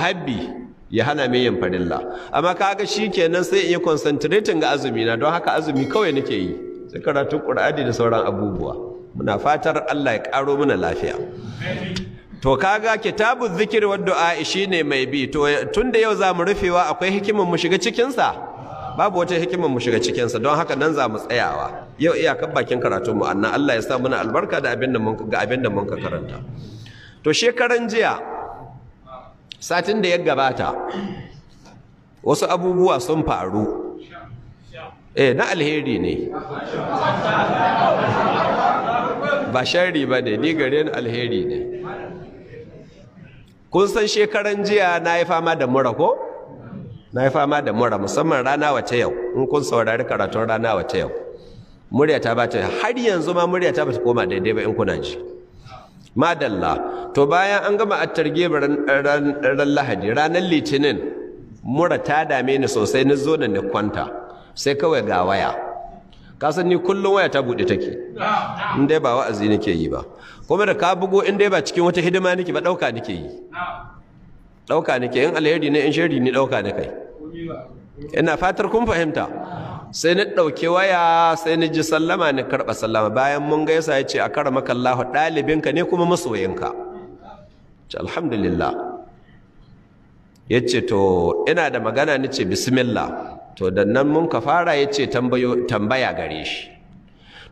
habbi ya hana mai yin farilla amma kaga kenan sai in yi concentrating ga azumi na don haka azumi kawai nake yi sai karatu qur'ani da sauran abubuwa muna fatar Allah ya karo mana lafiya to kaga kitabu zikir wa du'a ne mai bi to tunda yau za mu rufewa akwai hikimar mu shiga cikin sa babu wata hikimar mu shiga cikinsa don haka nan za mu tsayawa yau iyakar bakin karatun mu annan Allah ya sa muna albarka da abin da mun ga abin da mun ka karanta to shekaran jiya satin da ya gabata wasu abubuwa sun faru eh na alheri ne ba shari ba ne ni gare ni alheri ne kun san shekaran jiya na yi fama da mura ko na yi fama da mura musamman rana wace yau in kun saurari karatun rana wace yau murya ta ba ta har yanzu ma murya ta ba ta koma daidai ba in kuna ji madalla to bayan an gama attarge ran lahadi ranar litinin mura ta dame ni sosai na zo da ni kwanta sai kawai ga waya kasan ni kullum waya ta buɗe take in dai ba wa'azi nake yi ba kuma da ka bugo in dai ba cikin wata hidima nake ba ɗauka nake yi ɗauka nake in alheri ne in shari ne ɗauka na kai ina fatar kun fahimta sai ni ɗauki waya sai ni ji sallama ni karɓa sallama bayan mun gaisa ya ce a kara Allahu ɗalibinka ne kuma masoyinka ce alhamdulillah ya ce to ina da magana ni ce bismillah to da nan mun ka fara ya ce tambaya gare shi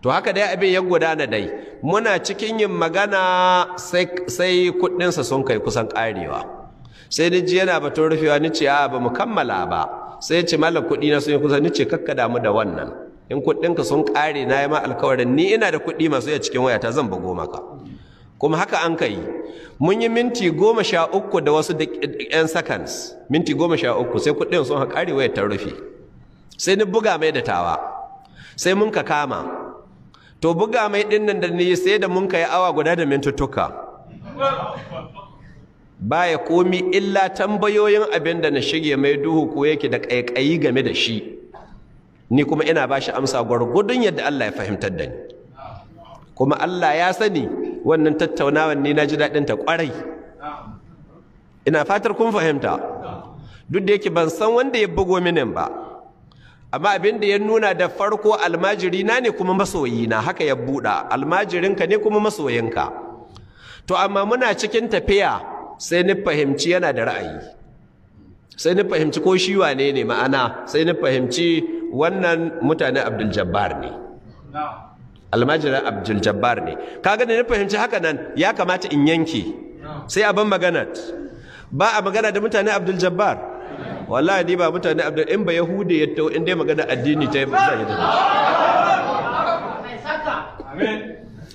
to haka dai abin ya gudana dai muna cikin yin magana sai kuɗinsa sun kai kusan ƙarewa sai ni ji yana batun rufewa ni ce a ba mu kammala ba sai ce malam kuɗi na sun yi kusa ni ce kakka damu da wannan in kuɗinka sun ƙare na yi ma alkawarin ni ina da kuɗi masu yi cikin wayata zan bugo maka kuma haka an ka yi mun yi minti goma sha uku da wasu yan seconds minti goma sha uku sai kuɗin sun haƙari wayar ta rufe sai ni buga mai da tawa sai mun ka kama to buga mai ɗin nan da ni sai da mun ka yi awa guda da mintuttuka Ba ya komi illa tambayoyin abin da na shige mai duhu ko yake da ƙaiƙayi game da shi ni kuma ina ba shi amsa gwargudun yadda Allah ya fahimtar da ni kuma Allah ya sani wannan tattaunawar ni na ji daɗin ta ƙwarai ina fatar kun fahimta duk da yake ban san wanda ya bugo minin ba amma abin da ya nuna da farko almajiri na ne kuma masoyi na haka ya buɗa almajirinka ne kuma masoyinka to amma muna cikin tafiya sai ni fahimci yana da ra'ayi sai ni fahimci ko shi wane ne ma'ana sai ni fahimci wannan mutane abdul jabbar ne almajiran abdul jabbar ne kaga da ni fahimci haka nan ya kamata in yanke sai abin magana ba a magana da mutane abdul jabbar wallahi ni ba mutane abdul in ba yahude ya ta'u in dai magana addini ta yi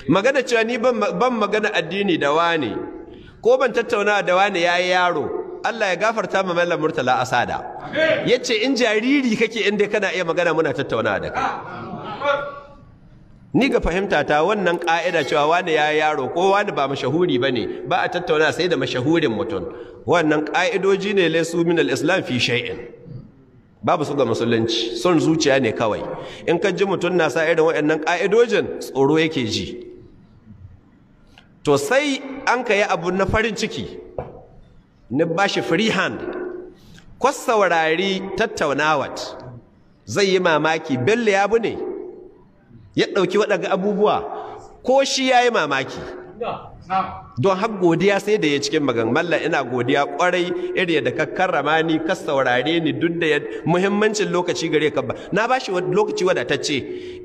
magana cewa ni ban magana addini da wani. ko ban tattauna da wani yayi yaro Allah ya gafarta ma Mallam Murtala Asada yace in jariri kake inda kana iya magana muna tattauna da ka. ni ga fahimta ta wannan ka'ida cewa wani ya yaro ko wani ba mashahuri bane ba a tattauna sai da mashahurin mutum wannan ka'idoji ne laysu min al-islam fi shay'in babu su ga musulunci son zuciya ne kawai in ka ji mutum na sa irin waɗannan ka'idojin tsoro yake ji to sai an ka yi abu na farin ciki na ba shi free hand saurari tattaunawat zai yi mamaki bello ya bu ne ya ɗauki waɗanda abubuwa ko shi ya yi mamaki don har godiya sai da ya cikin magan ina godiya kwarai iri da ka karrama ni ka ni duk da muhimmancin lokaci gare ka ba na bashi lokaci wadatacce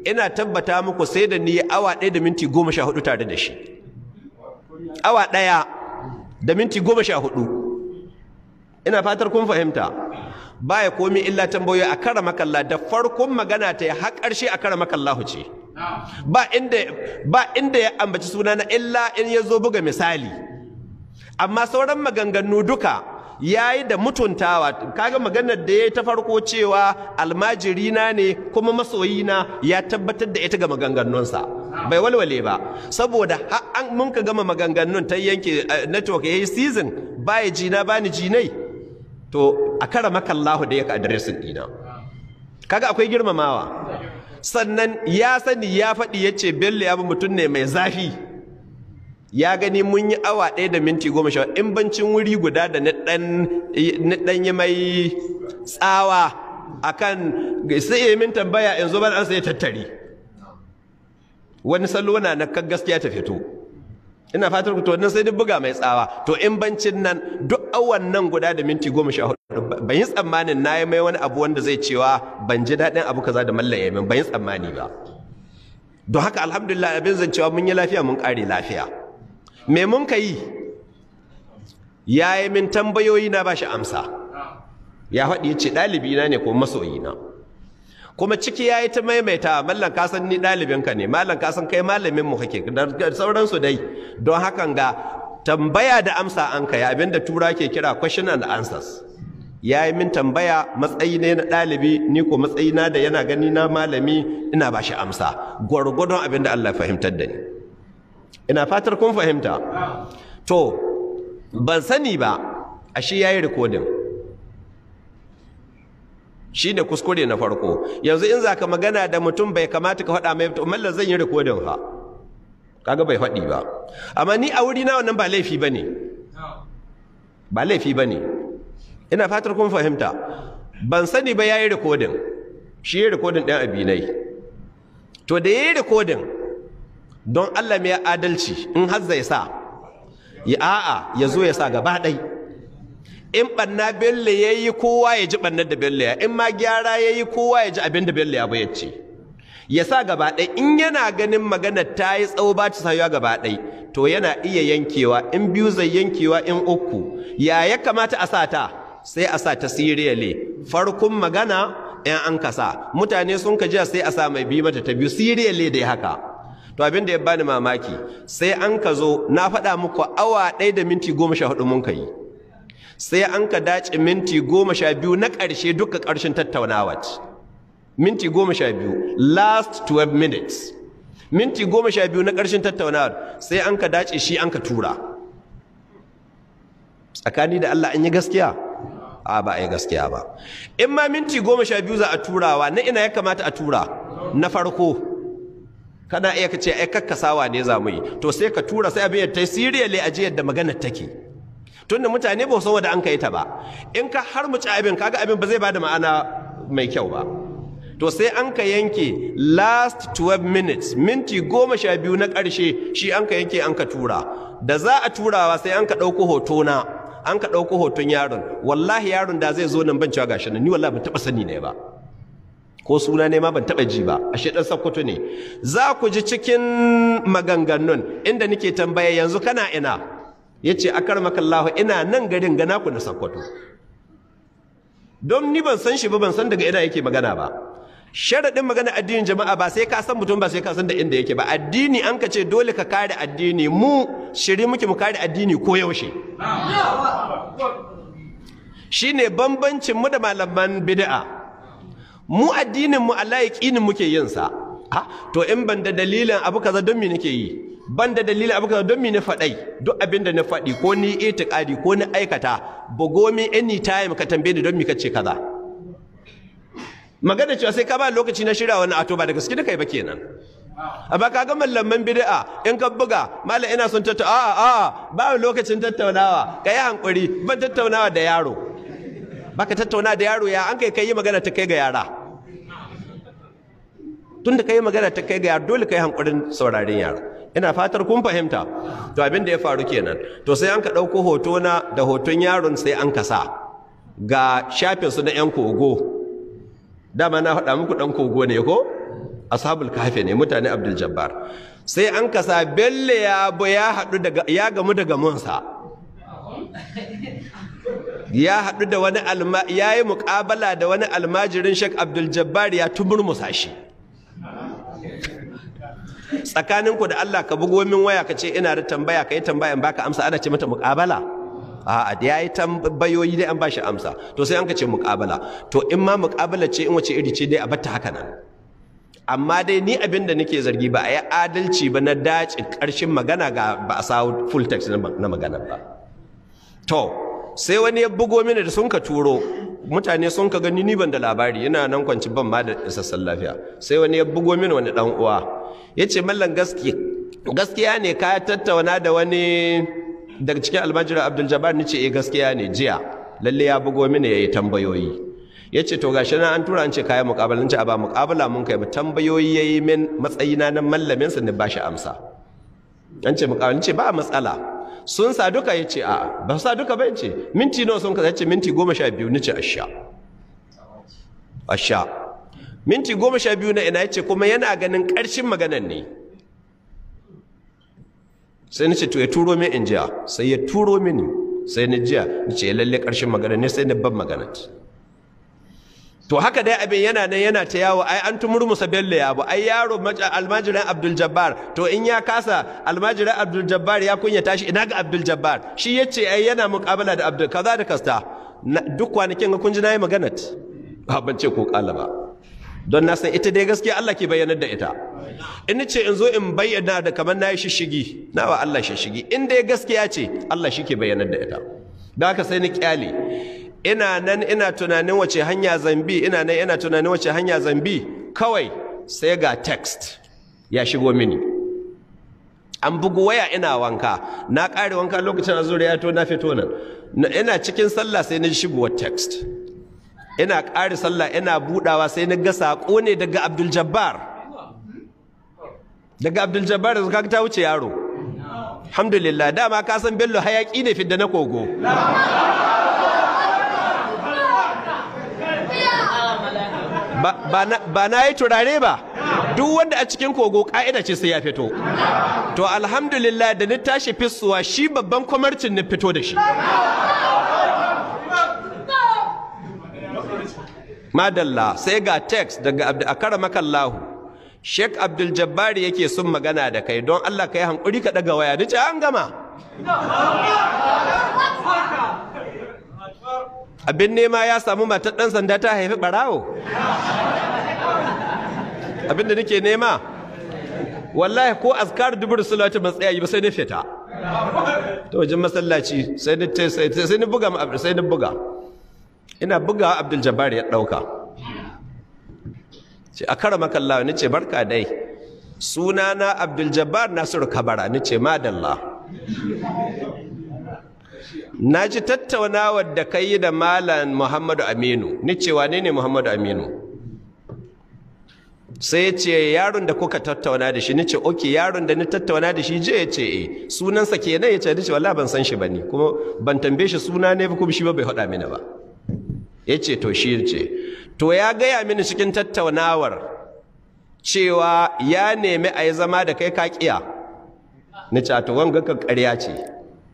ina tabbata muku sai da ni awa ɗaya da minti goma sha hudu tare da shi awa ɗaya da minti goma sha hudu ina fatar kun fahimta Ba ya komi illa tambayoyi a kara makalla da farkon magana ta yi haƙar shi a kara makalla huce. ba inda ya ambaci suna na illa in ya zo buga misali amma sauran maganganu duka yayi da mutuntawa kaga maganar da yayi ta farko cewa almajirina ne kuma masoyina ya tabbatar da ita ga maganganunsa bai walwale ba saboda har mun ka gama maganganun ta yanke eh, network yayi season baya jina bani jinai to a kara makallahu da ya ka adiresin dina kaga akwai girmamawa sannan ya sani ya faɗi ya ce bello ya mutum ne mai zafi ya gani mun yi awa ɗaya da minti goma sha in bancin wuri guda da na ɗan yi mai tsawa akan sai yi min tambaya in zo an sai tattari wani salo na na kan gaskiya ta fito ina fatar ku to nan sai duk buga mai tsawa to in bancin nan duk awan nan guda da minti goma sha hudu ban yi tsammanin na yi mai wani abu wanda zai cewa ban ji daɗin abu kaza da mallan yamin ban yi tsammani ba don haka alhamdulillah abin zancewa mun yi lafiya mun ƙare lafiya me mun ka yi ya yi min tambayoyi na ba shi amsa ya faɗi ya ce ɗalibina ne ko masoyina kuma ciki ya yi ta maimaita mallan kasan ni ɗalibinka ne mallan kasan kai malamin mu kake da sauransu dai don hakan ga tambaya da amsa an kai abinda tura ke kira question and answers ya yi min tambaya matsayi ne na ɗalibi ni ko matsayi na da yana gani na malami ina ba shi amsa gwargwadon da Allah fahimtar da ni ina fatar kun fahimta to ban sani ba a ya yayi recording shi ne kuskure na farko yanzu in za ka magana da mutum bai kamata ka faɗa mai mallan zan yi rikodin ha kaga bai faɗi ba amma ni a wuri na wannan ba laifi ba ne ba laifi ba ne ina fatar kun fahimta ban sani ba ya yi rikodin shi ya yi rikodin ɗan abinai to da ya yi rikodin don Allah mai adalci in har zai sa ya a'a ya zo ya sa gaba ɗai in ɓanna belle ya yi kowa ya ji ɓannar da belle ya in ma gyara ya yi kowa ya ji abin da belle ya bai ce ya sa gaba ɗai in yana ganin magana ta yi tsawo ba ta sayuwa gaba ɗai to yana iya yankewa in biyu zai yankewa in uku ya ya kamata a sa ta sai a sa ta siriyale farkon magana 'yan an kasa mutane sun ka jiya sai a sa mai bi mata ta biyu siriyale dai haka to abin da ya bani mamaki sai an ka zo na faɗa muku awa ɗaya da minti goma sha hudu mun ka yi sai an ka dace minti goma sha biyu na ƙarshe duka ƙarshen tattaunawa minti goma sha biyu last 12 minutes minti goma sha biyu na ƙarshen tattaunawar sai an ka dace shi an ka tura tsakani da Allah an yi gaskiya a ba a yi gaskiya ba in ma minti goma sha biyu za a turawa na ina ya kamata a tura na farko kana iya kace ai kakkasawa ne za mu yi to sai ka tura sai abin ya tasiriyale a jiyar da magana take tunda mutane ba san wanda an kai ta ba in ka har mu ci abin kaga abin ba zai bada ma'ana mai kyau ba to sai an ka yanke last 12 minutes minti goma sha biyu na ƙarshe shi an ka yanke an ka tura da za a turawa sai an ka ɗauko hoto na an ka ɗauko hoton yaron wallahi yaron da zai zo nan ban cewa gashi nan ni wallahi ban taɓa sani ne ba ko suna ne ma ban taɓa ji ba ashe ɗan sakkwato ne za ku ji cikin maganganun inda nike tambaya yanzu kana ina ya ce a karmakallahu ina nan garin gana ku na sakkwato don ni ban san shi ba ban san daga ina yake magana ba sharaɗin magana addinin jama'a ba sai ka san mutum ba sai ka san da inda yake ba addini an ka ce dole ka kare addini mu shiri muke mu kare addini ko yaushe shine bambancin mu da malaman bida'a. mu addinin mu Allah yaqinin muke yin sa ha ah, to in ban da dalilin abu kaza don me nake yi ban da dalilin abu kaza don me na faɗai duk abin da na faɗi ko ni itiqadi ko ni aikata bugo mi anytime ka tambaye ni don me kace kaza magana cewa sai ka ba lokaci na shirya wannan ato ba da gaske kai ba kenan amma ka ga mallaman bid'a in ka buga mallam ina son tattauna a'a a ba lokacin tattaunawa kai hankuri ban tattaunawa da yaro baka tattauna da yaro ya an kai kai magana ta kai ga yara tunda kai magana ta kai ga dole kai hankurin sauraren yara ina fatar kun fahimta to abin da ya faru kenan to sai an ka ɗauko hoto na da hoton yaron sai an ka sa ga shafin su na yan kogo dama na faɗa muku ɗan kogo ne ko ashabul kafe ne mutane abdul jabbar sai an ka sa belle ya ya hadu daga ya gamu daga munsa ya hadu da wani alma ya yi muƙabala da wani almajirin shek abdul jabbar ya tumurmusa shi tsakaninku da Allah ka bugo min waya ka ce ina da tambaya ka yi tambaya ba baka amsa ana ce mata muƙabala a'a da yayi tambayoyi dai an bashi amsa to sai an ka ce muƙabala to in ma muƙabala ce in wace iri ce dai a batta haka nan amma dai ni abin da nake zargi ba a yi adalci ba na dace ƙarshen magana ga ba a sawo full text na magana ba to sai wani ya bugo mini da sun ka turo mutane sun ka gani ni ban da labari yana nan kwanci ban ma da isassan lafiya sai wani ya bugo mini wani dan uwa yace mallan gaskiya gaskiya ne ka tattauna da wani daga cikin almajirar Abdul Jabbar ce eh gaskiya ne jiya lalle ya bugo mini yi tambayoyi Ya ce to gashi nan an tura an ce kayan muqabalin ci a ba mukabala mun kai tambayoyi ya yi min matsayina na mallamin ni ne shi amsa an ce muqabalin ce ba matsala sun sa duka ya ce a ba sa duka ba ya ce minti nawa sun ka ce minti goma sha biyu ni ce A asha minti goma sha biyu na ina ya ce kuma yana ganin ƙarshen maganan ne sai na ce to ya turo min in jiya sai ya turo mini sai na jiya na ce lalle ƙarshen magana ne sai na ban magana to haka dai abin yana nan yana ta yawo ai an tumur musa bello ya bu ai yaro almajiran abdul jabbar to in ya kasa almajiran abdul jabbar ya kunya tashi ina ga abdul jabbar shi ya ce ai yana muƙabala da abdul kaza da kasta duk kwanakin ga kun ji na yi magana ban ce ko ƙala ba don na san ita dai gaskiya Allah ke bayyanar da ita in ce in zo in bayyana da kamar na yi shishigi na wa Allah shishigi in dai gaskiya ce Allah shi ke bayyanar da ita da haka sai ni kyale ina nan ina tunanin wace hanya zambi ina nan ina tunanin wace hanya zambi kawai sai ga text ya shigo mini an bugu waya ina wanka na ƙare wanka lokacin azuriya to na fito nan ina cikin sallah sai na shigowa text ina ƙari sallah ina budawa sai na ga sako ne daga Abdul Jabbar daga Abdul Jabbar da kaga ta wuce yaro alhamdulillah dama ka san bello hayaki ne fidda na kogo ba na yi turare ba duk wanda a cikin kogo ka'ida ce sai ya fito to alhamdulillah da ni tashi fisuwa shi babban kwamarcin na fito da shi madalla sai ga text daga makallahu, Sheikh Abdul Jabbari yake sun magana da kai don Allah ka yi hankuri ka daga waya dace an gama abin nema ya samu matar ɗan sanda ta haifi ɓarawo abin da nake nema wallahi ko azkar dubur salatu ban tsaya yi ba sai na fita to wajen masallaci sai ni buga sai ni buga ina bugawa abdul jabbar ya ɗauka ce a kara makallawa ni ce barka dai sunana abdul jabbar nasiru kabara ni ce madalla na ji tattaunawar da ka yi da malam muhammadu aminu ni ce wane ne muhammadu aminu sai ya ce yaron da kuka tattauna da shi ni ce ok yaron da ni tattauna da shi je ya ce e sunansa kenan ya ce ni ce wallah ban san shi ba ni kuma ban tambaye shi suna ne kuma shi ba bai hada mini ba yace to shi yace to ya gaya mini cikin tattaunawar cewa ya nemi a yi zama da kai kakiya ni ce to wanga ka ƙarya ce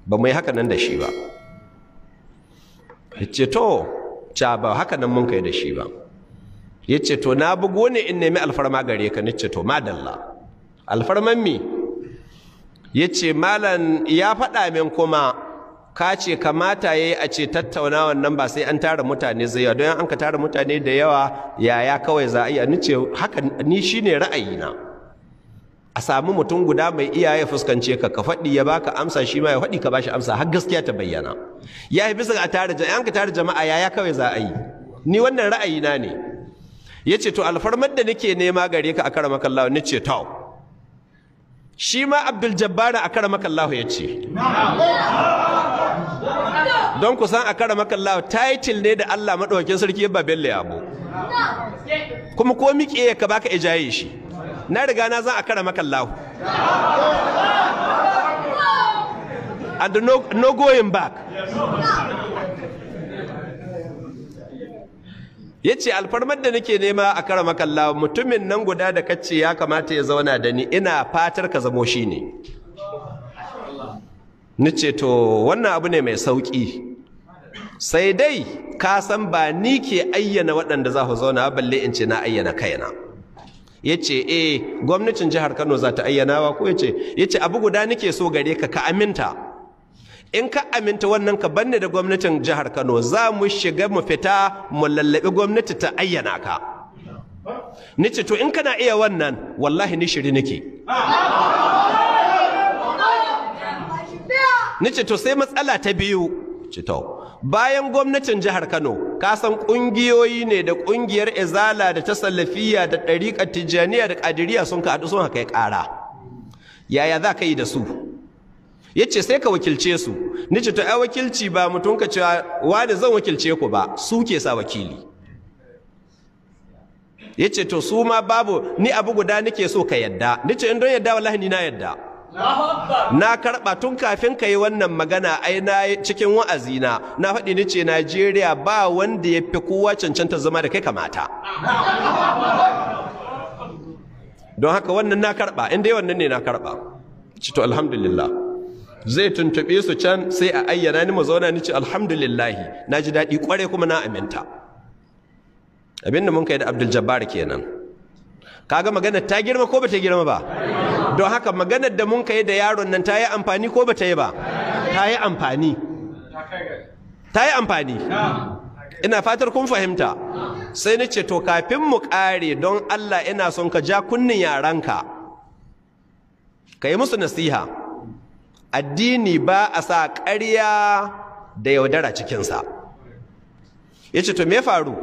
ba mu yi haka nan da shi ba yace to ca ba haka nan mun kai da shi ba yace to na bugo ne in nemi alfarma gare ka ce to madalla alfarman mi yace malan ya faɗa min kuma ka ce kamata yayi a ce tattauna nan ba sai an tara mutane zai yawa don an ka tara mutane da yawa yaya kawai za a iya ni ce haka ni shine ra'ayina a samu mutum guda mai iyaye fuskance ka ka faɗi ya baka amsa shi ma ya faɗi ka bashi amsa har gaskiya ta bayyana ya yi bisa a tara jama'a ka tara jama'a yaya kawai za a yi ni wannan ra'ayina ne ya ce to alfarmar da nake nema gare ka a karamakan lawa ni ce to shi ma abdul jabbara a karamakan lawa ya ce don ku san a kara makalla title ne da Allah madaukakin sarki ya babelle abu kuma ko miƙe ka baka ijaye shi na riga na zan a kara makalla and no, no going back ya ce alfarmar da nake nema a kara makalla mutumin nan guda da kacce ya kamata ya zauna da ni ina fatar ka zamo shi ne ni ce to wannan abu ne mai sauƙi sai dai ka san ba ni ke ayyana waɗanda za ku zauna balle in ce na ayyana kaina ya ce e, gwamnatin jihar kano za ta ayyana wa? ko ya ce abu guda nike so gare ka ka aminta in ka aminta wannan ka banne da gwamnatin jihar kano za mu shiga mu fita mu lallabi gwamnati ta ayyana ka ni ce to in kana iya wannan wallahi ni shiri nike. ni ce to sai matsala ta biyu ce to bayan gwamnatin jihar Kano ka san kungiyoyi ne da kungiyar Izala da ta Salafiya da Dariqa Tijaniya da kadiriya sun ka haɗu sun haka ya ƙara yaya za ka yi da su yace sai ka wakilce su ce to ai wakilci ba mutum ka cewa wani zan wakilce ku ba su ke sa wakili yace to su ma babu ni abu guda nake so ka yadda ce in don yadda wallahi ni na yadda na karba tun kafin ka yi wannan magana ai na cikin wa'azina na faɗi ni ce Najeriya ba wanda ya fi kowa cancanta zama da kai kamata don haka wannan na karɓa inda yi wannan ne na karɓa cito alhamdulillah zai tuntuɓe su can sai a ayyana ni mazauna ni ce alhamdulillahi na ji daɗi kware kuma na aminta abinda mun kai da abdul jabbar kenan ga magana ta girma ko ba ta girma ba don haka maganar da mun kai da yaron nan ta yi amfani ko ba ta yi ba ta yi amfani ta yi amfani ina fatar kun fahimta sai ni ce to kafin mu ƙare don Allah ina son ka ja kunnin yaranka ka yi musu nasiha addini ba a sa ƙarya da yaudara cikinsa ya ce to me faru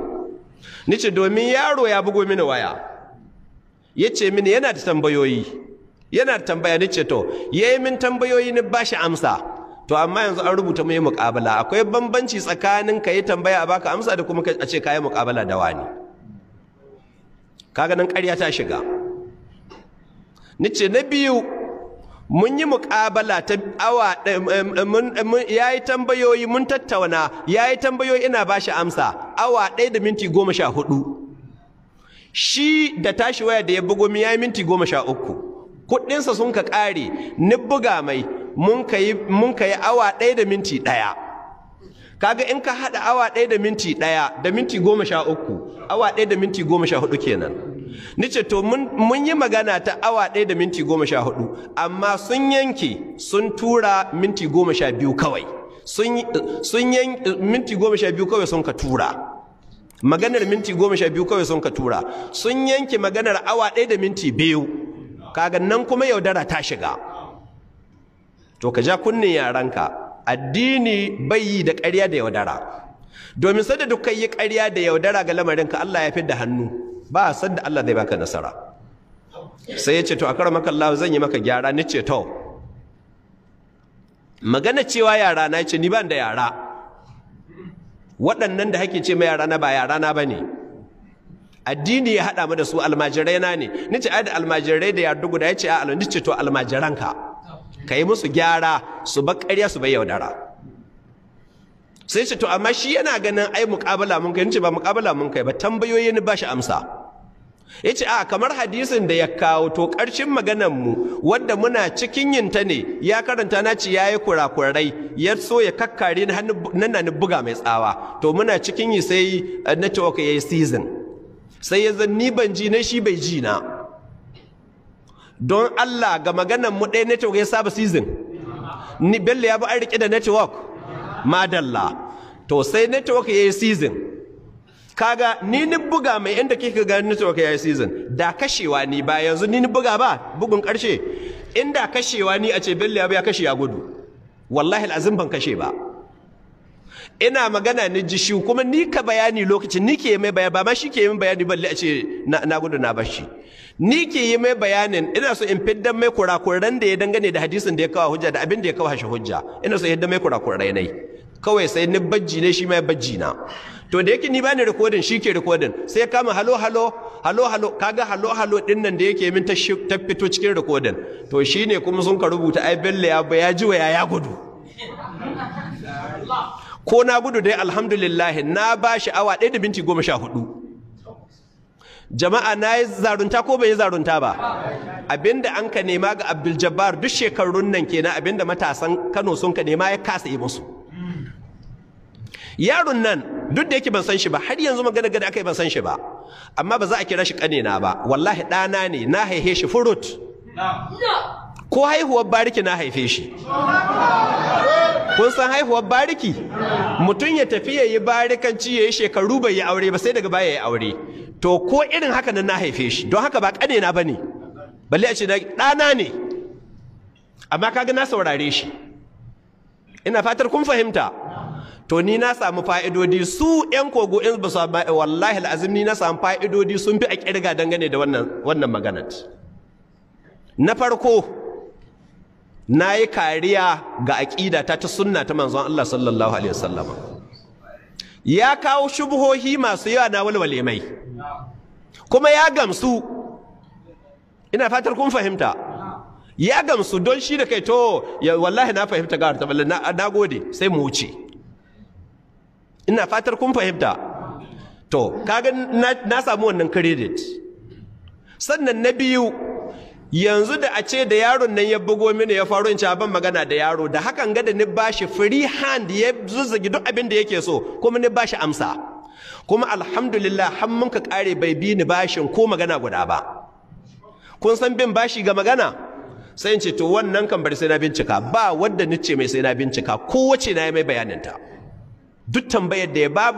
ni ce domin yaro ya bugo mini waya ya ce mini yana da tambayoyi yana tambaya ni ce to yayi min tambayoyi ni bashi amsa to amma yanzu an rubuta mai muƙabala akwai bambanci tsakanin ka yi tambaya a baka amsa da kuma a ce ka yi da wani kaga nan ƙarya ta shiga ni ce na biyu mun yi muƙabala ta awa ya yi tambayoyi mun tattauna ya yi tambayoyi ina ba shi amsa awa ɗaya da minti goma sha hudu shi da tashi waya da ya bugo min ya yi minti goma sha uku kuɗinsa sun ka ƙare ni buga mai mun ka yi awa ɗaya da minti ɗaya kaga in ka haɗa awa ɗaya da minti ɗaya da minti goma sha uku awa ɗaya da minti goma sha hudu kenan nice to mun yi magana ta awa ɗaya da minti goma sha hudu amma sun yanke sun tura minti goma sha biyu kawai sun yanke minti goma sha biyu kawai sun ka tura maganar minti goma sha biyu kawai sun ka tura sun yanke maganar awa ɗaya da minti biyu Kagan nan kuma yaudara ta shiga to ka ja kunnin yaranka addini bai yi da ƙarya da yaudara domin sadda duk yi ƙarya da yaudara ga ka, Allah ya fi da hannu ba sadda Allah zai baka nasara sai ya ce to a Allah zan yi maka gyara ni ce to magana cewa yara na ce ni ban da yara waɗannan da hake ce ma yara na ba yara na bane addini ya haɗa mu da su almajirai na ne Ni ce ai da almajirai da yardu guda yace a alon ce to almajiranka ka yi musu gyara su ba ƙarya su bai yaudara sai ce to amma shi yana ganin ai muƙabala mun kai ni ce ba muƙabala mun kai ba tambayoyi ni ba shi amsa ya ce a kamar hadisin da ya kawo to ƙarshen maganarmu wadda muna cikin yin ta ne ya karanta na ce ya yi kurakurai ya so ya kakkare na ni buga mai tsawa to muna cikin yi sai eh, na ce ya yi season sai ya ni ban ji na shi bai ji na don Allah ga maganar mu ɗaya network ya saba season ni bello ya bi an riƙe da network madalla to sai network ya yi season kaga ni ni buga mai inda kika ga network ya yi season da kashewa ni ba yanzu ni ni buga ba bugun karshe inda kashewa ni a ce bello ya ya kashe ya gudu wallahi al'azim ban kashe ba ina magana ni ji shi kuma ni ka bayani lokacin ni ke yi mai bayani ba ma shi ke yi mai bayani balle a ce na gudu na bashi ni ke yi mai bayanin ina so in fiddan mai kurakuran da ya dangane da hadisin da ya kawo hujja da abin da ya kawo shi hujja ina so yadda mai kurakurai nai kawai sai ni bajji ne shi mai bajji na to da yake ni ba ni rikodin shi ke rikodin sai kama halo halo halo halo kaga halo halo din nan da yake min ta fito cikin rikodin to shine kuma sun ka rubuta ai bello ya ji wa ya gudu ko na gudu dai alhamdulillah na ba shi awa ɗaya da minti goma sha hudu jama'a na yi zarunta ko bai yi zarunta ba abinda an ka nema ga abdul jabbar duk shekarun nan kenan abinda matasan kano sun ka nema ya kasa yi musu yaron nan duk da yake ban san shi ba har yanzu magana gada aka yi ban san shi ba amma ba za a kira shi kanina ba wallahi ɗana ne na haihe shi furut ko haihuwar bariki na haife shi kun san haihuwar bariki mutum ya tafi ya yi barikanci ya yi shekaru bai yi aure ba sai daga baya ya yi aure to ko irin haka nan na haife shi don haka ba kane na ba ne balle a ce ɗana ne amma kaga na saurare shi ina fatar kun fahimta to ni na samu fa'idodi su ‘yan kogo in ba su wallahi al'azim ni na samu fa'idodi sun fi a kirga dangane da wannan maganar na farko na yi kariya ga aƙida ta sunna ta manzon Allah sallallahu alaihi wasallam ya kawo shubuhohi masu yawa na walwale mai kuma ya gamsu ina fatar kun fahimta ya gamsu don shi da kai to wallahi na fahimta ga ta balle na gode sai mu wuce ina fatar kun fahimta to kaga na samu wannan credit sannan na biyu yanzu da a ce da yaron nan ya bugo mini ya faru in ci abin magana da yaro da hakan ga da ni shi free hand ya zuzzagi duk abin da yake so kuma ni ba shi amsa kuma alhamdulillah har mun ka kare bai bi ni bashin ko magana guda ba kun san bin bashi ga magana sai in ce to wannan kan bari sai na bincika ba wanda ni ce mai sai na bincika kowace na yi mai ta duk tambayar da ya ba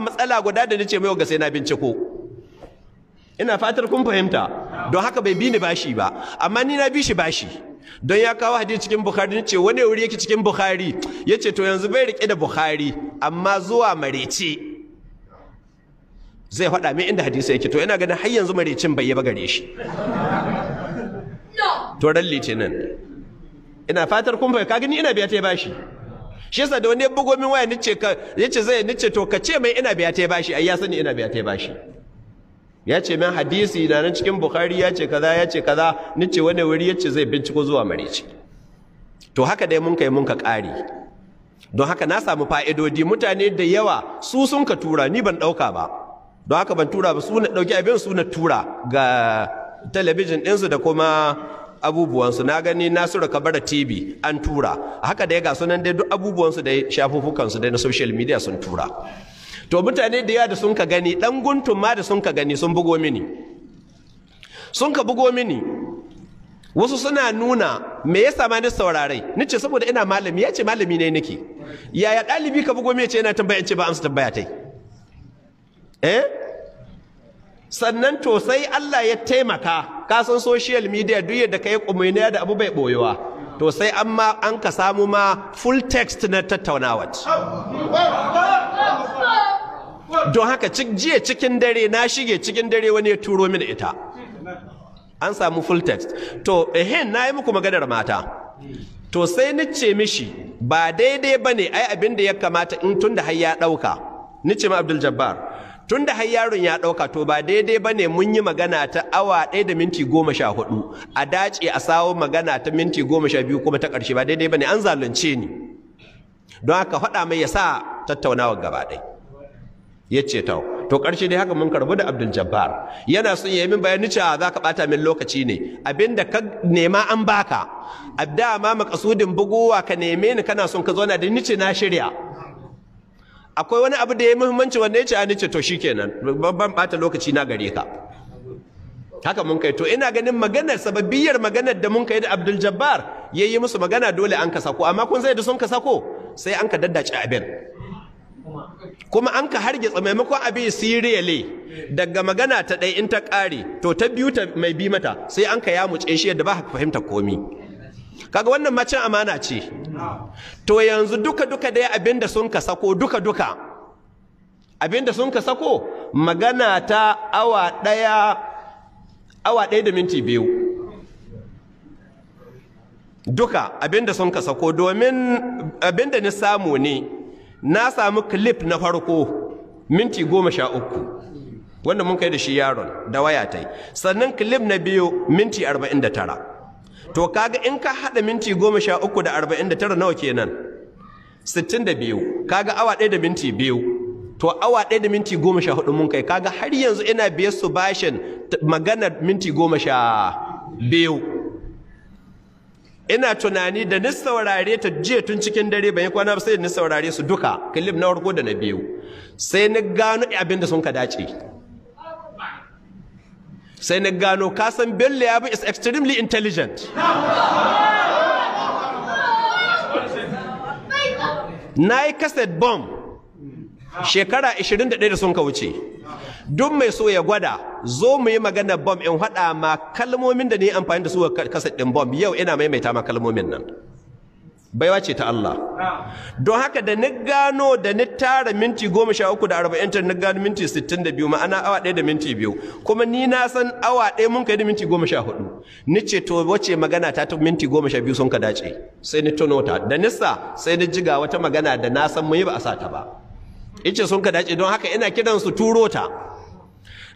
matsala guda da ni ce mai ga sai na binciko ina fatar kun fahimta don haka bai bi ni bashi ba amma ni na bi shi bashi don ya kawo hadisi cikin bukhari ne ce wani wuri yake cikin bukhari ya ce to yanzu bai rike da bukhari amma zuwa marece zai faɗa min inda hadisi yake to yana ganin har yanzu marecin bai yaba gare shi to ran litinin ina fatar kun fahimta kaga ni ina biya ta bashi shi yasa da wani bugo min waya ce ka yace zai ce to ka ce mai ina biya ta bashi ai ya sani ina biya ta bashi ya ce min hadisi na nan cikin bukhari ya ce kaza ya ce kaza ni ce wani wuri ya ce zai binciko zuwa marici to haka dai mun kai mun ka ƙari don haka na samu fa'idodi mutane da yawa su sun ka tura ni ban ɗauka ba don haka ban tura ba su na ɗauki abin su na tura ga talabijin ɗinsu da kuma abubuwansu na gani nasiru kabara tv an tura haka dai, ga sunan dai duk abubuwansu da shafuffukansu dai na social media sun tura to mutane da yawa da sun ka gani dan guntun ma da sun ka gani sun bugo mini sun ka bugo mini wasu suna nuna me yasa ma ni saurare ni ce saboda ina malami ya ce malami ne nake yaya ɗalibi ka bugo mece yana tambaya ce ba amsa tambaya tai eh sannan to sai Allah ya taimaka ka san social media duk yadda kai kumina da abu bai boyewa to sai an ma an ka samu ma full text na tattaunawa don haka jiya cikin dare na shige cikin dare wani ya turo mini ita an samu full text to ehin na yi muku maganar mata to sai ni ce mishi ba daidai ba ne ai abin ya kamata in tun da har ya ɗauka ni ce ma abdul jabbar tun da har yaron ya ɗauka to ba daidai ba ne mun yi magana ta awa ɗaya da minti goma sha hudu a dace a sawo magana ta minti goma sha biyu kuma ta ƙarshe ba daidai ba ne an zalunce ni don haka faɗa mai ya sa tattaunawa gaba ɗaya ya ce ta to ƙarshe dai haka mun karbu da abdul jabbar yana son ya yi min bayani cewa za ka ɓata min lokaci ne abinda ka nema an baka A dama makasudin buguwa, ka neme ni kana son ka zauna da ni ce na shirya akwai wani abu da ya muhimmanci wanda ya ce an ce to shi kenan ban bata lokaci na gare ka haka mun kai to ina ganin maganar sababbiyar maganar da mun kai da Abdul Jabbar yi musu magana dole an kasa ko amma kun zai da sun kasa ko sai an ka daddace abin kuma an ka hargitsa maimakon abin siriyale daga magana ta ɗai in ta ƙare to ta biyu ta mai bi mata sai an ka yamuce shi yadda ba ka fahimta komi kaga wannan macin amana ce to yanzu duka duka dai abinda sun ka sako duka duka abinda sun ka sako magana ta awa ɗaya awa ɗaya da minti biyu duka abinda sun ka sako domin abinda ni samu ne na samu clip na farko minti goma sha uku wanda mun kai da shi yaron da waya ta yi sannan clip na biyu minti arba'in da tara to kaga in ka haɗa minti goma sha uku da arba'in da tara nawa kenan sittin da biyu kaga awa ɗaya da minti biyu to awa ɗaya da minti goma sha hudu mun kai kaga har yanzu ina biyar su bashin maganar minti goma sha biyu ina tunani da ni saurare ta jiya tun cikin dare ban yi kwana ba sai ni saurare su duka clip na farko da na biyu sai ni gano abin da sun ka dace sai na gano kasan bello bi is extremely intelligent na yi kaset bom shekara 21 da sun ka wuce duk mai so ya gwada zo mu yi magana bomb in haɗa ma kalmomin da ni amfani da su kaset ɗin bomb yau ina maimaita ma kalmomin nan baiwa ce ta Allah don haka da ni gano da ni tara minti goma sha uku da arba'in ta ni gano minti sittin da biyu ma'ana awa ɗaya da minti biyu kuma ni na san awa ɗaya mun kai da minti goma sha hudu ni ce to wace magana ta ta minti goma sha biyu sun ka dace sai ni tuno ta da nisa sai ni jiga wata magana da na san mun yi ba a sa ta ba ice sun ka dace don haka ina kiran su turo ta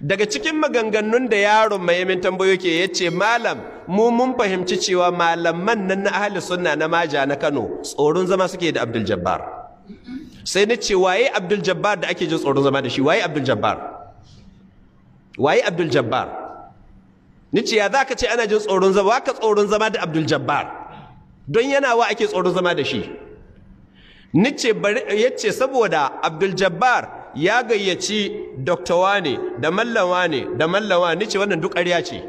daga cikin maganganun da yaron mai yamin tambayo ke ya ce malam mu mun fahimci cewa malaman nan na ahli sunna na maja na kano tsoron zama suke da abdul jabbar sai ni ce waye abdul jabbar da ake jin tsoron zama da shi waye abdul jabbar waye abdul jabbar ni ce ya za ka ce ana jin tsoron zama ka tsoron zama da abdul jabbar don yana wa ake tsoron zama da shi ni ce bari ce saboda abdul jabbar ya gayyaci doktawa ne da mallawa ne da mallawa ni ce wannan duk ƙarya ce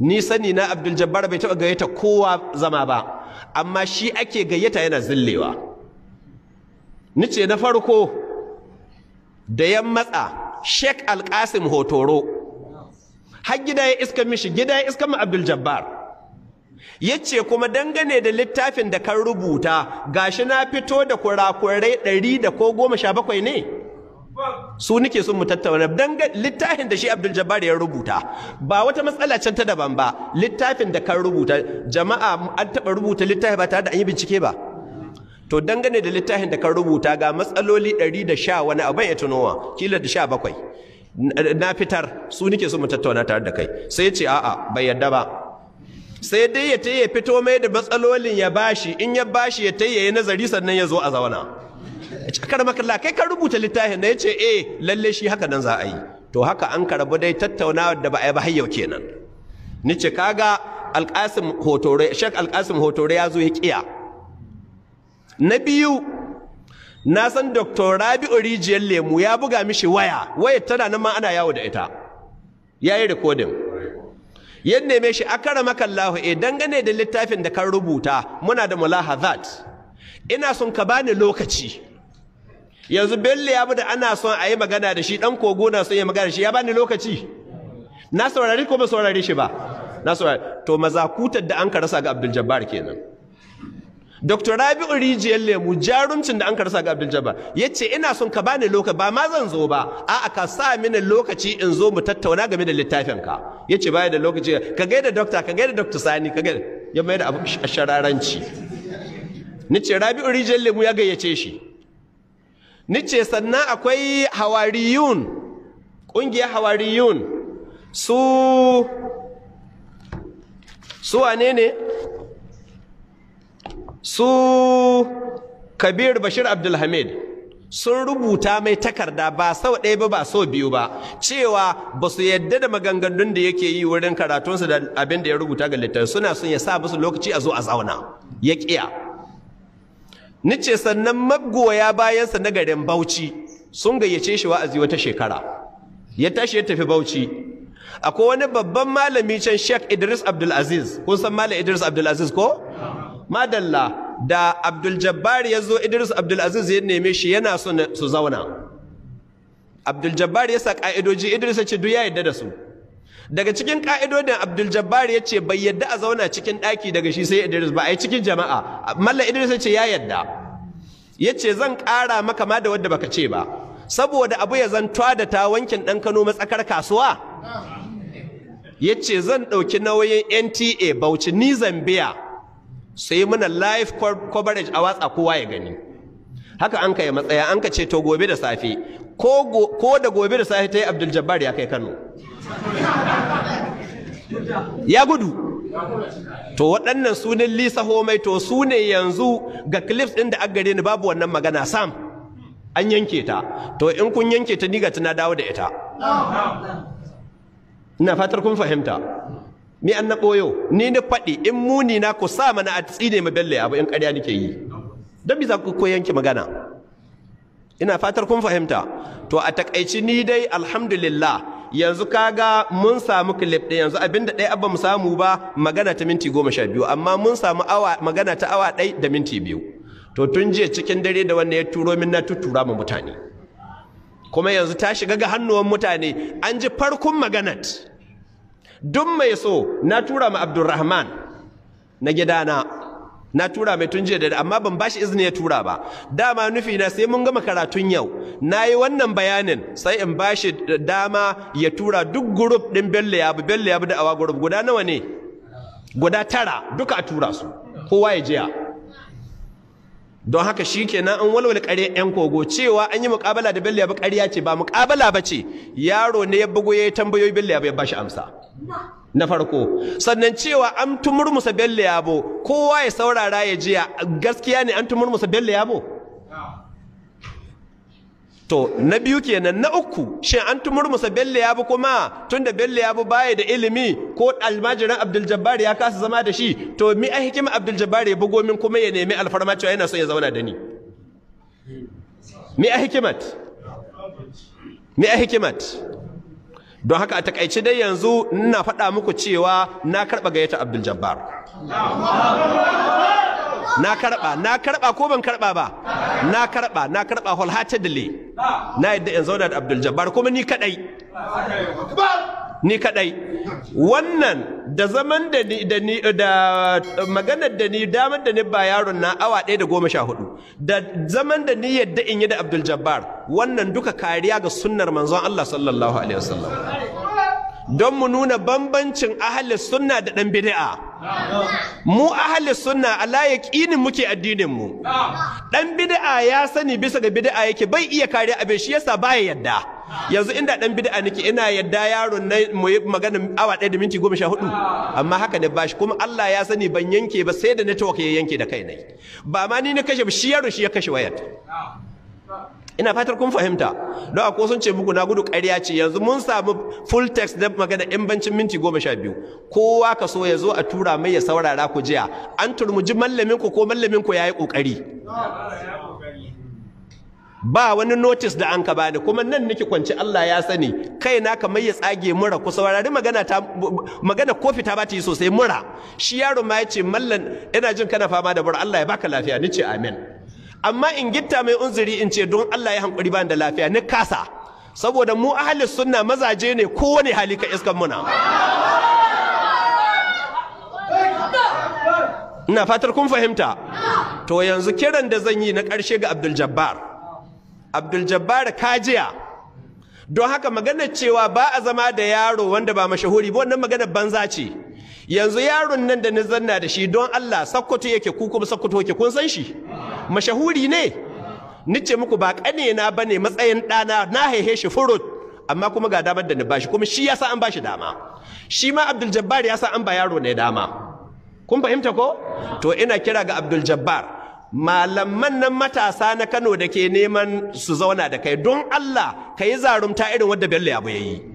ni sani na abdul jabbar bai taɓa gayyata kowa zama ba amma shi ake gayyata yana zillewa ni ce na farko da yan matsa sheik alkasim hotoro har gida ya iska mishi gida ya iska mu abdul jabbar ya ce kuma dangane da littafin da kan rubuta gashi na fito da kurakurai ɗari da ko goma sha bakwai ne su nike sun mu tattauna dan littafin da shi Abdul Jabbar ya rubuta ba wata matsala can ta daban ba littafin da kan rubuta jama'a an taba rubuta littafi ba tare da an yi bincike ba to dangane da littafin da kan rubuta ga matsaloli 110 wani abin ya tunowa kila da 17 na fitar su nike sun mu tattauna tare da kai sai ya ce a'a bai yadda ba sai dai ya ya fito mai da matsalolin ya bashi in ya bashi ya ta ya yi nazari sannan ya zo a zauna cikar makalla kai ka rubuta littafin da ya ce eh lalle shi haka nan za a yi to haka an karbu dai tattaunawar da ba a yi ba har yau kenan ni ce kaga alƙasim hotore shek alƙasim hotore ya zo ya kiya na biyu na san dr rabi'u rijiyar lemu ya buga mishi waya waya tana nan ma ana yawo da ita Yayi yi rikodin ya neme shi a kara makallahu eh dangane da littafin da kan rubuta muna da mulahazat ina son ka bani lokaci yanzu bello ya da ana son a yi magana da shi ɗan kogo na son yi magana da shi ya bani lokaci na saurari ko ba saurari shi ba na saurari to kutar da an ka rasa ga abdul jabbar kenan dr rabi'u rijiyar lemu jarumcin da an ka rasa ga abdul jabbar ya ce ina son ka bani lokaci ba ma zan zo ba a'a ka sa mini lokaci in zo mu tattauna game da littafinka ya ce baya da lokaci ka gaida Dr ka gaida dr sani ka gaida ya mai da abu shararanci ni ce rabi'u rijiyar lemu ya gayyace shi nice sannan akwai hawariyun ƙungiyar hawariyun su su wane ne su kabir bashir abdulhamid sun rubuta mai takarda ba sau ɗaya ba ba sau biyu ba cewa ba su yadda da maganganun da yake yi wurin karatunsu da abin da ya rubuta ga littafi suna sun ya sa musu lokaci a zo a zauna ya ƙiya nice sannan magoya bayansa na garin Bauchi sun gayyace shi wa'azi wata shekara ya tashi ya tafi Bauchi akwai wani babban malami can Sheikh Idris Abdul Aziz kun san Malam Idris Abdul Aziz ko madalla da Abdul Jabbar ya zo Idris Abdul Aziz ya neme shi yana so su zauna Abdul Jabbar ya sa ka'idoji Idris ya ce duk ya yarda da su daga cikin ka'idodin abdul jabbar ya ce bai yadda a zauna cikin ɗaki daga shi sai idris ba a yi cikin jama'a malla idris ya ce ya yadda ya ce zan ƙara maka ma da wadda baka ce ba saboda abu ya zantwa da ta wankin ɗan kano matsakar kasuwa ya ce zan ɗauki nauyin nta bauchi ni zambia sai muna live coverage a watsa kowa ya gani haka an kai matsaya an ka ce to gobe da safe ko da gobe da safe ta yi abdul jabbar ya kai kano ya gudu to waɗannan sunan lisa homai to su ne yanzu ga clips ɗin da agare ni babu wannan magana sam an yanke ta to in kun yanke ta ni ga tana dawo da ita ina fatar kun fahimta ni an na ɓoyo ni ni faɗi in muni na ku sa mana a tsine ma belle abu in ƙarya nake yi don bisa ku ko yanke magana ina fatar kun fahimta to a takaici ni dai alhamdulillah yanzu kaga mun samu clip ɗin yanzu abinda ɗaya abba mu samu ba magana ta minti goma sha biyu amma mun samu magana ta awa ɗai da minti biyu to tun jiya cikin dare da wannan ya turo min na tuttura ma mutane kuma yanzu ta shiga ga hannuwan mutane an ji farkon maganat duk mai so na tura ma abdulrahman na gidana na tura mai tun jiya da amma ban bashi izini ya tura ba dama nufi na sai mun gama karatun yau nayi wannan bayanin sai in bashi dama ya tura duk group din Bello Yabu Bello Yabu da awa group guda nawa ne guda tara duka a tura su kowa ya jiya don haka shikenan an walwala kare yan kogo cewa an yi muƙabala da Bello Yabu ƙarya ce ba muƙabala ba ce yaro ne ya bugo ya yi tambayoyi Bello Yabu ya bashi amsa na farko sannan cewa an tumurmusa bello yabo kowa ya saurara ya jiya gaskiya ne an tumurmusa bello yabo to na biyu kenan na uku shin an tumurmusa bello yabo kuma tunda bello yabo baya da ilimi ko almajiran abdul jabbar ya kasa zama da shi to mi a hikima abdul jabbar ya bugo min kuma ya nemi alfarma cewa yana son ya zauna da ni mi a hikimat mi a hikimat don haka a takaice dai yanzu ina faɗa muku cewa na karɓa gayyata Abdul Jabbar na karɓa na karɓa ko ban karɓa ba na karɓa na karɓa wholeheartedly na yadda in zauna da Abdul Jabbar kuma ni kaɗai. ni kadai wannan da zaman da ni da maganar da ni damar da ni ba yaron na awa ɗaya da goma sha hudu da zaman da ni yadda in yi da Abdul Jabbar wannan duka kariya ga sunnar manzon Allah sallallahu alaihi wasallam don mu nuna bambancin ahli sunna da dan bid'a mu ahli sunna ala yaqinin muke addinin mu dan bid'a ya sani bisa ga bid'a yake bai iya kariya abin shi yasa baya yadda yanzu inda dan bid'a nake ina yadda yaron na mu yi magana awa 1 da minti 14 amma haka ne bashi kuma Allah ya sani ban yanke ba sai da network ya yanke da kai ba ma ni na kashe shi yaro shi ya kashe wayar ina fatar kun fahimta don ko sun ce muku na gudu ƙarya ce yanzu mun samu full text da magana in bancin minti goma sha biyu kowa ka so ya zo a tura mai ya saurara ku jiya an turmuji mallamin ku ko mallamin ku ya yi ƙoƙari ba wani notice da an ka bani kuma nan nake kwanci Allah ya sani kai na kamar ya tsage mura ku saurari magana ta magana kofi ta bata yi sosai mura shi yaro ma yace ce mallan ina jin kana fama da mura Allah ya baka lafiya ni ce amin amma in gitta mai unzuri in ce don Allah ya hankuri bani da lafiya ni kasa saboda mu ahli sunna mazaje ne kowane hali ka iskan muna ina fatar kun fahimta to yanzu kiran da zan yi na karshe ga Abdul Jabbar abdul jabbar kajiya don haka maganar cewa ba a zama da yaro wanda ba mashahuri ba wannan maganar banza ce yanzu yaron nan da ni zanna da shi don Allah sakkwato yake ku kuma sakkwato yake kun san shi mashahuri ne nice muku ba kane na bane matsayin ɗana na haihe shi furut amma kuma ga damar da ni bashi kuma shi yasa an bashi dama shi ma Abdul Jabbar yasa an ba yaro ne dama kun fahimta ko to ina kira ga Abdul malaman nan matasa na Kano da ke neman su zauna da kai don Allah ka yi zarumta irin wadda Bello ya yi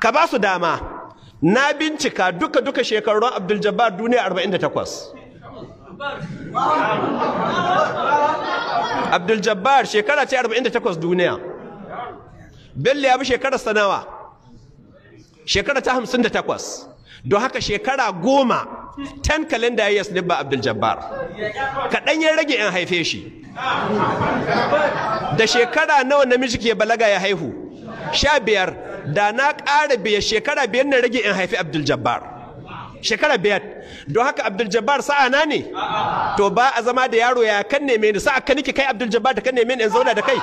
ka ba su dama na bincika duka duka shekarun Abdul Jabbar duniya 48 Abdul Jabbar shekara ce 48 duniya Bello ya bi shekarar sanawa shekara ta 58 don haka shekara goma ten calendar years ne ba Abdul Jabbar kaɗan ya rage in haife shi da shekara nawa namiji ke balaga ya haihu sha biyar da na ƙara biyar shekara biyar na rage in haifi Abdul Jabbar shekara biyar don haka abdul jabbar sa'a na ne to ba a zama da yaro ya kan neme ni sa'a ka nike kai abdul jabbar da kan neme ni in zauna da kai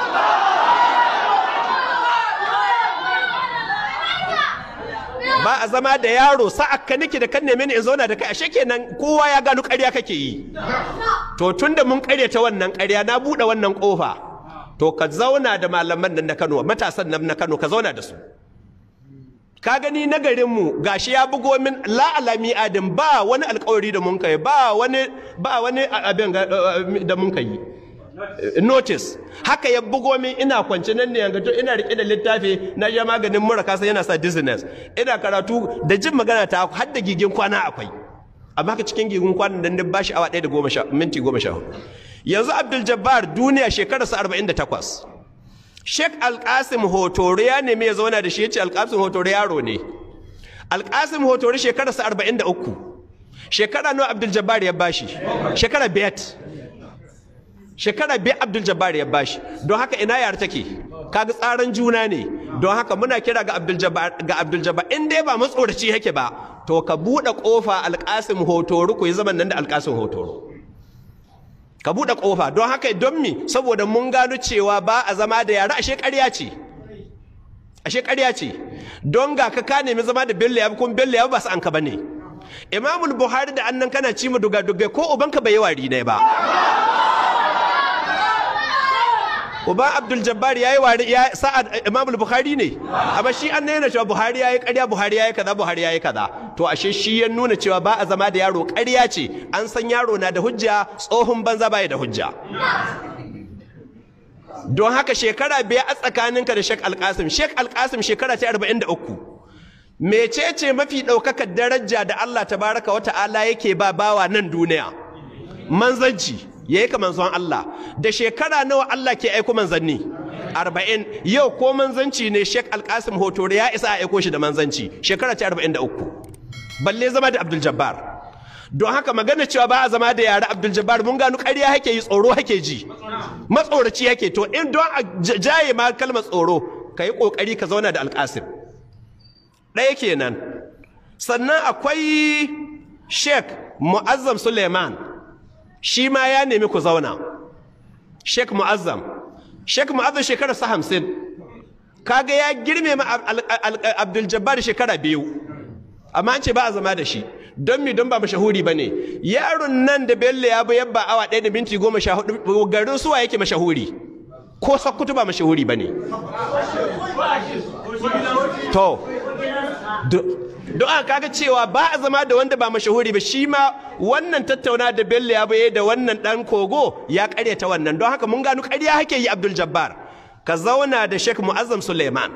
amma a zama da yaro sa'akka nake da kan neme in zauna da kai ashe kenan kowa ya gano ƙarya kake yi to tunda mun ta wannan ƙarya na buɗe wannan ƙofa to ka zauna da malaman nan na Kano matasan nan na Kano ka zauna da su ka gani na garin mu gashi ya bugo min la alami adam ba wani alƙawari da mun kai ba wani ba wani abin eh, eh, da mun kai Eh, notice haka ya bugo min ina kwance nan ne yanga to ina rike da littafi na ya maganin mura kasa yana sa dizziness ina karatu da jin magana ta har da gigin kwana akwai amma ka cikin gigin kwana dan duk bashi awa 1 da 10 minti 10 yanzu Abdul Jabbar duniya sa 48 Sheikh Alkasim Hotore ya nemi ya zauna da shi ya ce Alkasim Hotore yaro ne Hotori Hotore sa 43 shekara nawa Abdul Jabbar ya bashi shekara biyar shekara biyu abdul jabbar ya bashi don haka ina yar take kaga tsaran juna ne don haka muna kira ga abdul jabbar ga abdul jabbar in dai ba matsoraci yake ba to ka bude kofa alƙasim hotoru ku yi zaman nan da alƙasim hotoru ka bude kofa don haka don mi saboda mun gano cewa ba a zama da yara ashe ƙarya ce ashe ƙarya ce don ga ka ka nemi zama da bello ya kun bello ya ba su an ka bane imamul buhari da annan kana ci mu duga duga ko ubanka bai yi wari ne ba uban abdul jabbar yi wari ya sa'ad imam bukhari ne amma shi an nuna cewa buhari yi ƙarya buhari yi kaza buhari yi kaza to ashe shi ya nuna cewa ba a zama da yaro ƙarya ce an san yaro na da hujja tsohon banza bai da hujja don haka shekara biya a tsakaninka da Sheikh Alkasim Sheikh Alkasim shekara ta 43 mecece mafi ɗaukakar daraja da Allah tabaraka wata Ala yake ba bawa nan duniya manzanci yi ka manzon Allah da shekara nawa Allah ke aiko manzanni arba'in yau ko manzanci ne Sheikh Alkasim Hotore ya isa a aiko shi da manzanci shekara ce arba'in da uku balle zama da Abdul Jabbar don haka magana cewa ba a zama da yare Abdul Jabbar mun gano ƙarya hake yi tsoro hake ji matsoraci hake to in don a jaye ma kalmar tsoro ka yi ƙoƙari ka zauna da Alkasim ɗaya kenan sannan akwai shek Mu'azzam Suleiman shi ma ya nemi ku zauna Sheikh Mu'azzam Sheikh Mu'azzam shekara sa hamsin kaga ya girme ma Abdul Jabbar shekara biyu amma an ce ba a zama da shi don mi don ba mashahuri ba ne yaron nan da bello ya bayar ba awa ɗaya da minti goma sha hudu garin suwa yake mashahuri ko sakutu ba mashahuri ba ne to du'a kaga cewa ba a zama da wanda ba mashahuri ba shi ma wannan tattauna da Bello ya baye da wannan dan kogo ya ta wannan don haka mun gano karya hake yi Abdul Jabbar ka zauna da Sheikh Muazzam Suleiman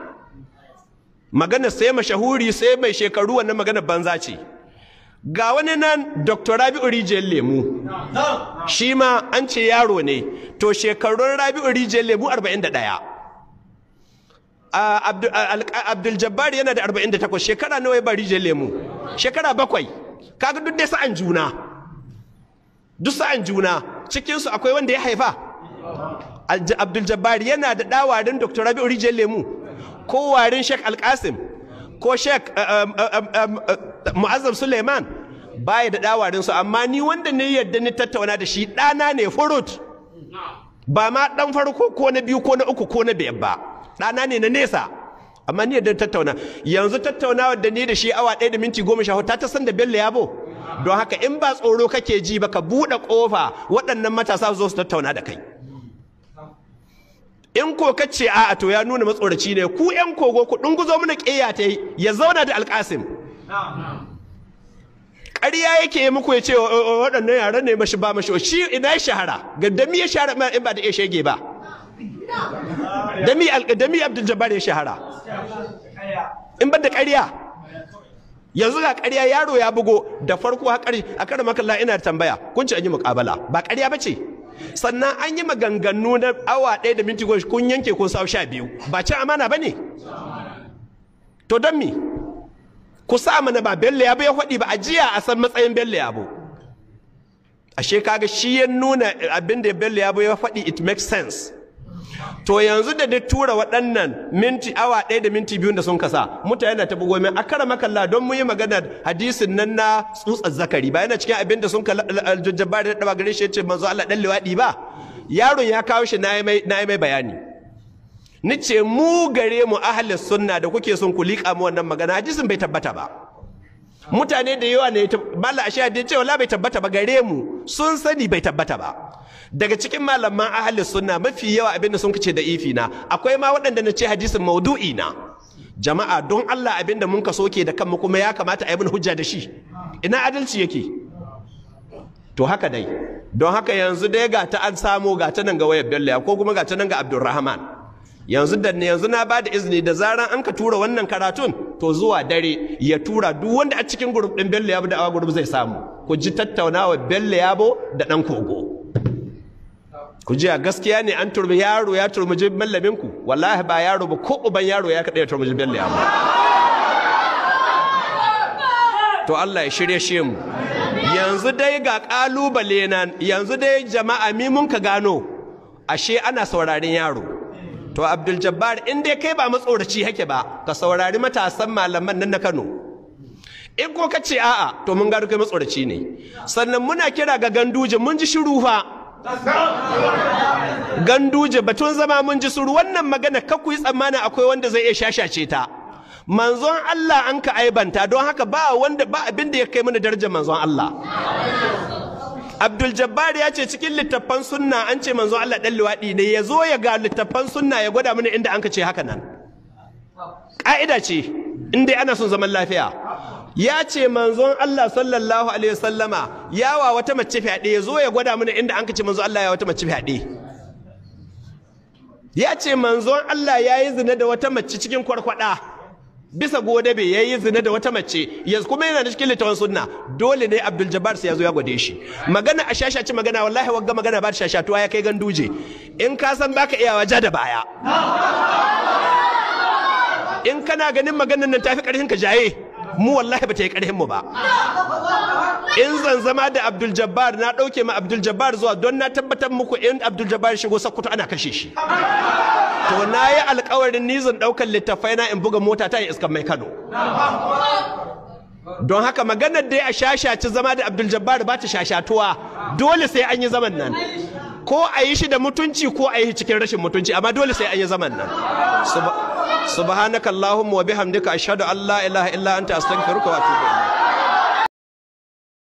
magana sai mashahuri sai mai shekaru wannan magana banza ce ga wani nan Dr. Rabi'u Rijiyar Lemu shi ma an ce yaro ne to shekarun Rabi'u Rijiyar Lemu 41 abdul jabbar yana da 48 shekara nawa ya bari lemu shekara bakwai kaga duk dai sa'an juna duk sa'an juna cikinsu akwai wanda ya haifa abdul jabbar yana da dawarin dr rabi'u rijiyar lemu ko warin sheikh alkasim ko sheikh eh, eh, eh, mu'azzam suleiman baya da dawarin su amma ni wanda ne yadda ni tattauna da shi ɗana ne furut ba ma ɗan farko ko na biyu ko na uku ko na biyar ba ɗana ne na nesa amma ni yadda tattauna yanzu tattaunawa da ni da shi awa ɗaya da minti goma sha ta ta san da bello ya bo? don haka in ba tsoro kake ji ba ka buɗe ƙofa waɗannan matasa su zo su tattauna da kai in ko ka ce a'a to ya nuna matsoraci ne ku yan kogo ku guzo mana ƙeya ta ya zauna da alƙasim ƙarya yake muku ya ce oh, oh, oh, waɗannan yaran ne mashi ba mashi shi ina shahara ga dami ya shahara in ba da ya shege ba da mi abdul jabbar ya shahara in ban da ƙarya yanzu ga ƙarya yaro ya bugo da farko a karin makalla ina tambaya kun ci an yi muƙabala ba ƙarya ba ce sannan an yi maganganu na awa ɗaya da minti goshi kun yanke kun sau sha biyu ba cin amana ba ne to don mi ku sa mana ba bello yabo ya faɗi ba a jiya a san matsayin bello yabo A shekaga shi ya nuna abin da bello yabo ya faɗi it makes sense to yanzu da duk tura waɗannan minti awa ɗaya da minti biyu da sun kasa mutane na ta bugo min akara makalla don mu yi magana hadisin nan na tsutsar zakari ba yana cikin abin da sun kalla jabbar da dawa gare shi ce manzo Allah dan liwadi ba yaron ya kawo shi na yi mai bayani ni ce mu gare mu ahli sunna da kuke son ku liƙa mu wannan magana hadisin bai tabbata ba mutane da yawa ne mala ashe hadisi ce wala bai tabbata ba gare mu sun sani bai tabbata ba daga cikin malaman ahalin sunna mafi yawa abinda sun kace da ifi na akwai ma waɗanda na ce hadisin maudu'i na jama'a don Allah abinda mun kaso ke da kanmu kuma ya kamata a yi hujja da shi ina adalci yake to haka dai don haka yanzu dai ga ta an samo ga ta nan ga wayar Bello ko kuma ga ta nan ga Abdulrahman yanzu da yanzu na bada izini da zaran an ka tura wannan karatun to zuwa dare ya tura duk wanda a cikin guruf din Bello Yabo da awa group zai samu ku ji tattaunawa Bello Yabo da dan kogo ku ji a gaskiya ne an turbi yaro ya turbi jin mallamin ku wallahi ba yaro ba ko uban yaro ya kaɗai ya turbi jibin ba to Allah ya shirye shi mu yanzu dai ga ƙalubale nan yanzu dai jama'a mi mun ka gano ashe ana saurarin yaro to abdul jabbar in dai kai ba matsoraci hake ba ka saurari matasan malaman nan na kano in ko ka ce a'a to mun ga kai matsoraci ne sannan muna kira ga ganduje mun ji shiru fa ganduje batun zama mun ji suru wannan magana ka ku yi tsammani akwai wanda zai iya shashace ta manzon Allah an ka aibanta don haka ba wanda ba abin da ya kai mana darajar manzon Allah Abdul Jabbar ya ce cikin littafan sunna an ce manzon Allah dan luwadi ne ya zo ya ga littattafan sunna ya gwada mana inda an ka ce haka nan ka'ida ce in dai ana son zaman lafiya ya ce manzon Allah sallallahu alaihi wasallama yawa wata mace fyaɗe zo ya gwada mana inda an kace manzon Allah ya wata mace fyaɗe ya ce manzon Allah ya yi zina da wata mace cikin kwarkwada bisa godabe ya yi zina da wata mace yanzu kuma yana da cikin littafin sunna dole ne Abdul Jabbar sai ya zo ya gwade shi magana a ci magana wallahi wagga magana ba shashatuwa ya kai ganduje in ka san baka iyawa ja da baya in kana ganin maganar nan tafi karfin ka jaye mu wallahi ba ta yi ƙarhin mu ba in zan zama da Abdul Jabbar na ɗauke ma Abdul Jabbar zuwa don na tabbatar muku in Abdul Jabbar shigo Sokoto ana kashe shi to na yi alƙawarin ni ɗaukar littafai na in buga mota ta yi iskan mai Kano don haka maganar da dai a shashaci zama da Abdul Jabbar ba ta shashatuwa dole sai an yi zaman nan ko a yi shi da mutunci ko a yi cikin rashin mutunci amma dole sai an yi zaman nan subhanakallahumma wa bihamdika ashhadu an la ilaha illa anta astaghfiruka wa atubu ilayk